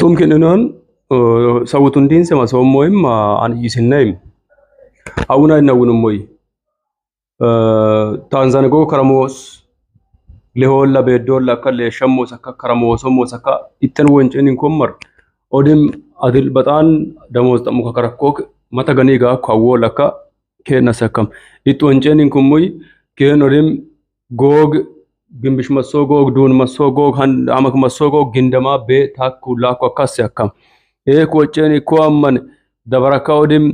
ጡምክንኖን ሰውቱንዲን ስማ ሶሞይም አንይስናይም አውና ይናውንም ወይ ታንዛንጎ ከረሞስ ሌሆላ ቤዶላ ከለ ሸሞ ሰካ ከረሞ ሶሞ ሰካ ኢተን ወንጭን እንኮመር ኦድም አድል በጣን ደሞዝ ጠሙ ከከረኮክ መተገኔ ጋ ኳዎ ለካ ኬነሰከም ኢት ወንጭን እንኩሙይ ኬን ኦድም ጎግ ግንብሽ መሶጎግ ዱን መሶጎግ አመክ መሶጎግ ግንደማ ቤ ታኩ ላኩ አካስ ያካም ኤ ኮጨን እኮ አመን ደበረካውድም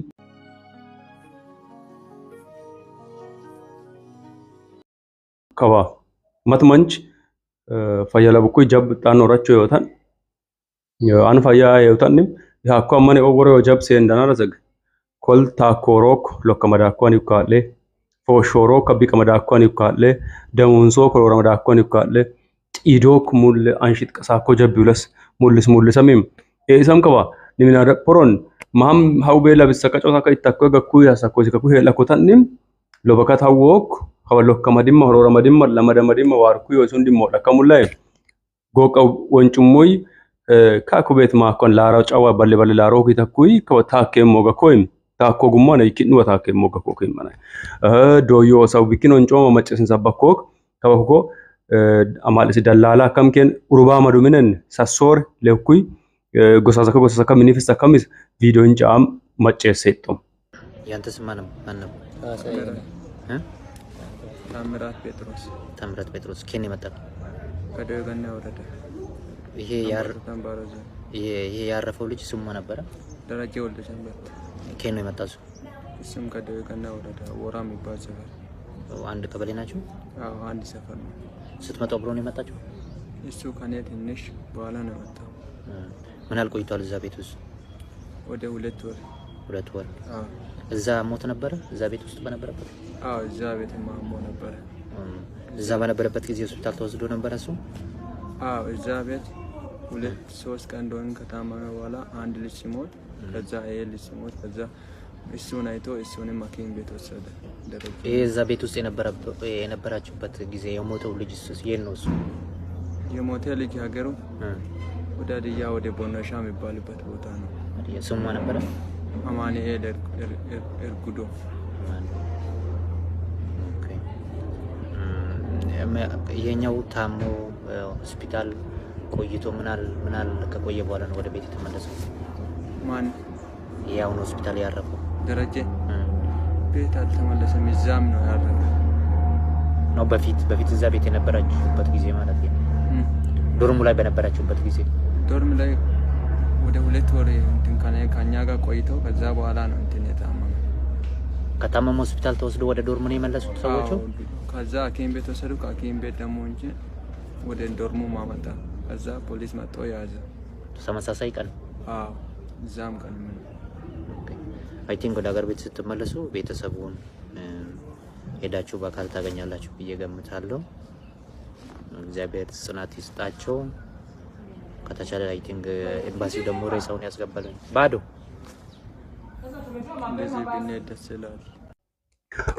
ከባ መትመንች ፈየለብኩ ጀብ ጣን ኖራቾ ይወታን አን ፈያ ይወታንም ያኳ አመን ኦወሮ ጀብ ሴንዳና ረዘግ ኮል ታኮሮክ ሎከመዳኳን ይካለ ሾሮ ከቢ ቀመዳኮን ይኳለ ደሞንሶ ኮሎራ መዳኮን ይኳለ ጢዶክ ሙል አንሽጥ ቀሳኮ ጀብዩለስ ሙልስ ሙል ሰሚም ኤሰም ከባ ንሚና ፖሮን ማም ሀውቤ ለብሰቀጮ ሳከ ይታኮ ገኩ ያሳኮ ሲከኩ ሄላኮታን ኒም ሎበካት ሀወክ ከበሎክ ከመዲማ ሆሮረ መዲማ ለመደ መዲማ ዋርኩ ይወሱን ዲሞ ለከሙላይ ጎቀ ወንጭሙይ ካኩ ቤት ማኮን ላራው ጫዋ በለ በለ ላሮ ይተኩይ ከታከም ሞገኮይም taakko ogummaan hiikinuu taakka immoo kakko keemana. Dooyyoo isaa bikkinoo hin cooma maccisiin sabba kook kaba koo amaalisi dallaalaa akkam keen urubaa maduminen sassoore leekkui gosaas akka gosaas akka miniifis akkamis viidiyoon ja'am macceessee xum. Yantas manam manam. ታምራት ጴጥሮስ ታምራት ጴጥሮስ ከኔ መጣ ከደው ገና ወረደ። ይሄ ያረፈው ልጅ ስሙ ነበረ ደረጀ ወልደ ሰንበት ከየት ነው የመጣችሁ? እሱም ከደቀና ወረዳ ወራ የሚባል ሰፈር። አንድ ቀበሌ ናችሁ? አዎ አንድ ሰፈር ነው። ስትመጣው ብሎ ነው የመጣችሁ? እሱ ከኔ ትንሽ በኋላ ነው የመጣው። ምን ያህል ቆይቷል እዛ ቤት ውስጥ? ወደ ሁለት ወር። ሁለት ወር። እዛ ሞት ነበረ? እዛ ቤት ውስጥ በነበረበት? አዎ እዛ ቤት ማሞ ነበረ። እዛ በነበረበት ጊዜ ሆስፒታል ተወስዶ ነበረ እሱ? አዎ እዛ ቤት ሁለት ሶስት ቀን እንደሆነ ከታመመ በኋላ አንድ ልጅ ሲሞት ከዛ ኤሊ ልጅ ሲሞት ከዛ እሱን አይቶ እሱንም ሐኪም ቤት ወሰደ። ይሄ እዛ ቤት ውስጥ የነበራችሁበት ጊዜ የሞተው ልጅ የት ነው? እሱ የሞተ ልጅ ሀገሩ ወደ ሀዲያ ወደ ቦኖሻ የሚባልበት ቦታ ነው። ስሙ ነበረ አማኑኤል እርጉዶ። ይሄኛው ታሞ ሆስፒታል ቆይቶ ምናል ምናል ከቆየ በኋላ ነው ወደ ቤት የተመለሰው። ማን? ይሄ ሆስፒታል ያረፈው ደረጀ ቤት አልተመለሰም። እዛም ነው ያረፈ ነው። በፊት በፊት እዛ ቤት የነበራችሁበት ጊዜ ማለት ነው? ዶርሙ ላይ በነበራችሁበት ጊዜ ዶርም ላይ ወደ ሁለት ወር እንትን ከኛ ጋር ቆይተው ከዛ በኋላ ነው እንትን የታመመ ከታመመ ሆስፒታል ተወስዶ ወደ ዶርሙ ነው የመለሱት ሰዎቹ። ከዛ ሐኪም ቤት ወሰዱ። ከሐኪም ቤት ደግሞ እንጂ ወደ ዶርሙ ማመጣ ከዛ ፖሊስ መጥቶ ያዘ። ተመሳሳይ ቀን አዎ እዛም ቀን አይ ቲንክ ወደ ሀገር ቤት ስትመለሱ ቤተሰቡን ሄዳችሁ በአካል ታገኛላችሁ ብዬ ገምታለሁ። እግዚአብሔር ጽናት ይስጣቸው። ከተቻለ አይ ቲንክ ኤምባሲው ደግሞ ሬሳውን ያስገባልን ባዶ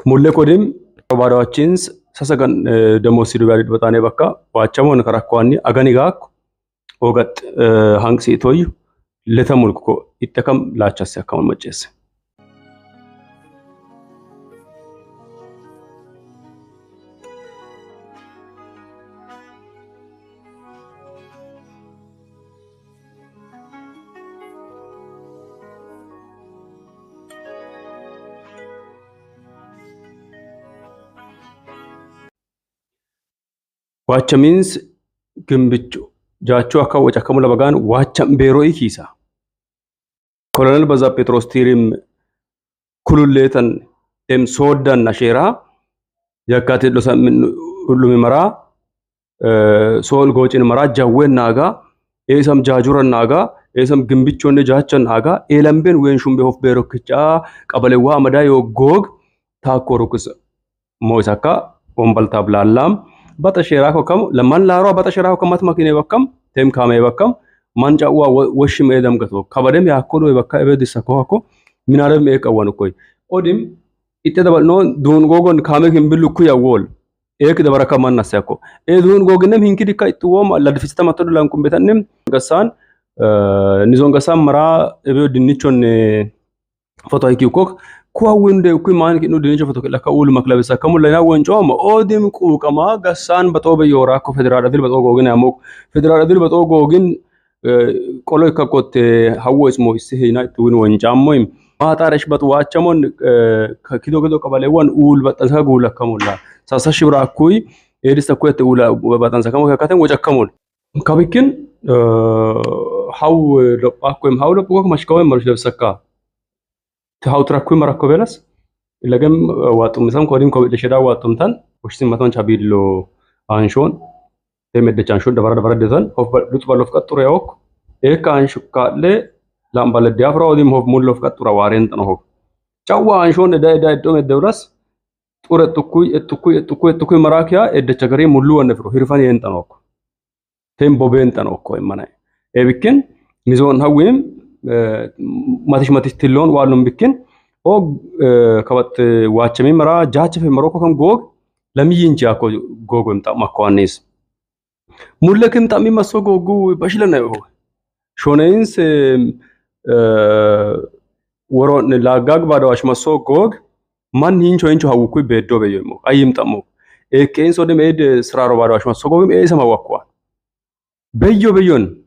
ሙሌ ቆዲም ባዳዋችንስ ሰሰገን ደሞ ሲዱ ባሪድ በጣኔ በካ ዋቸሞን ከራኳኒ አገኒጋኩ ኦገጥ ሀንቅ ቶዩ ለተሞልኩ እኮ ይጠቀም ላቻ ሲያካውን መጨስ ዋቸ ሚንስ ግንብቹ ጃቹ አካ ወጫ ከሙለ በጋን ዋቸም ቤሮይ ኪሳ ኮሎኔል በዛ ጴጥሮስ ቲሪም ኩሉሌተን ኤም ሶወዳና ሼራ የካቴ ሁሉ መራ ሶል ጎጭን መራ ጃዌና ናጋ ኤሰም ጃጁረና ናጋ ኤሰም ግንብቾኔ ጃቸን ናጋ ኤለምቤን ሹምቤ ሆፍ በሆፍ በሮክጫ ቀበሌዋ አመዳ የጎግ ታኮሩክስ ሞይሳካ ወንበልታ ታብላላም በጠሼራ ኮከም ለማን ላሯ በጠሼራ ኮከማት ማኪኔ በከም ቴም ካሜ በከም ማንጫዋ ወሽም ኤደም ገቶ ከበደም ያኮዶ ይበካ ኤበዲሳ ኮሃኮ ሚናረም ኤቀወን ኮይ ኦዲም ኢቴ ደበል ኖ ዱን ጎጎን ካሜ ሂምብሉ ኩያ ወል ኤክ ደበረካ ማናስ ያኮ ኤ ዱን ጎግነም ሂንኪዲካ ኢጥዎም አላድፍስተ ማተዱ ላንኩም ቤታንም ገሳን ኒዞን ገሳን መራ ኤበ ድንቾን ፎቶ አይኪው ኮክ ኩዋዊንዴ ኩይ ማን ኪኑ ድንቾ ፎቶ ከላካ ኡል መክለብሳ ከሙ ለና ወንጮ ኦዲም ቁቀማ ገሳን በጦ በዮራ ኮ ፌደራል አድል በጦ ጎግን ያሞክ ፌደራል አድል በጦ ጎግን qoloy kakkotte hawweesmoo issi hiina itti win wancaammoyim maaxaaresh baxuwaachamoon kido kido qabaleewwan uul baxxansa guulakkamulla sasa shibiraakkuy ኤድስ ተኮ ተውላ በባታን ሰከሞ ከካተን ወጨከሙል ካብኪን ሃው ለጳኮም ሃው ለጳኮ ማሽካው መርሽ ለብሰካ ተሃው ትራኩ መራኮ በለስ ለገም ዋጡ ምሰም ኮዲም ኮብል ሸዳ ዋጡምታን ወሽሲም ማቶን ቻቢሎ አንሾን te meddechaan shunda bara bara desan of lutu balof qaxxura yaok ekaan shukkaale lambale diafra odim hof mullof qaxxura waren tano hof chawa anshon eda eda eddo meddebras xure tukkuy ettukkuy ettukkuy ettukkuy marakiya eddecha gari mullu wanne firo hirfan yen tano ko tem boben tano ko imana ebikin mizon hawim matish matish tillon walum bikin og kabat wachemi mara jaachfe maroko kam gog lamiyinja ko gogo imta makwanis mullekin tammi maso gogu bashilana yo shonens woron lagag badawash maso gog man hincho hincho hawukui beddo beyemo ayim tammo ekens odem ed sraro badawash maso gogum esama wakwa beyo beyon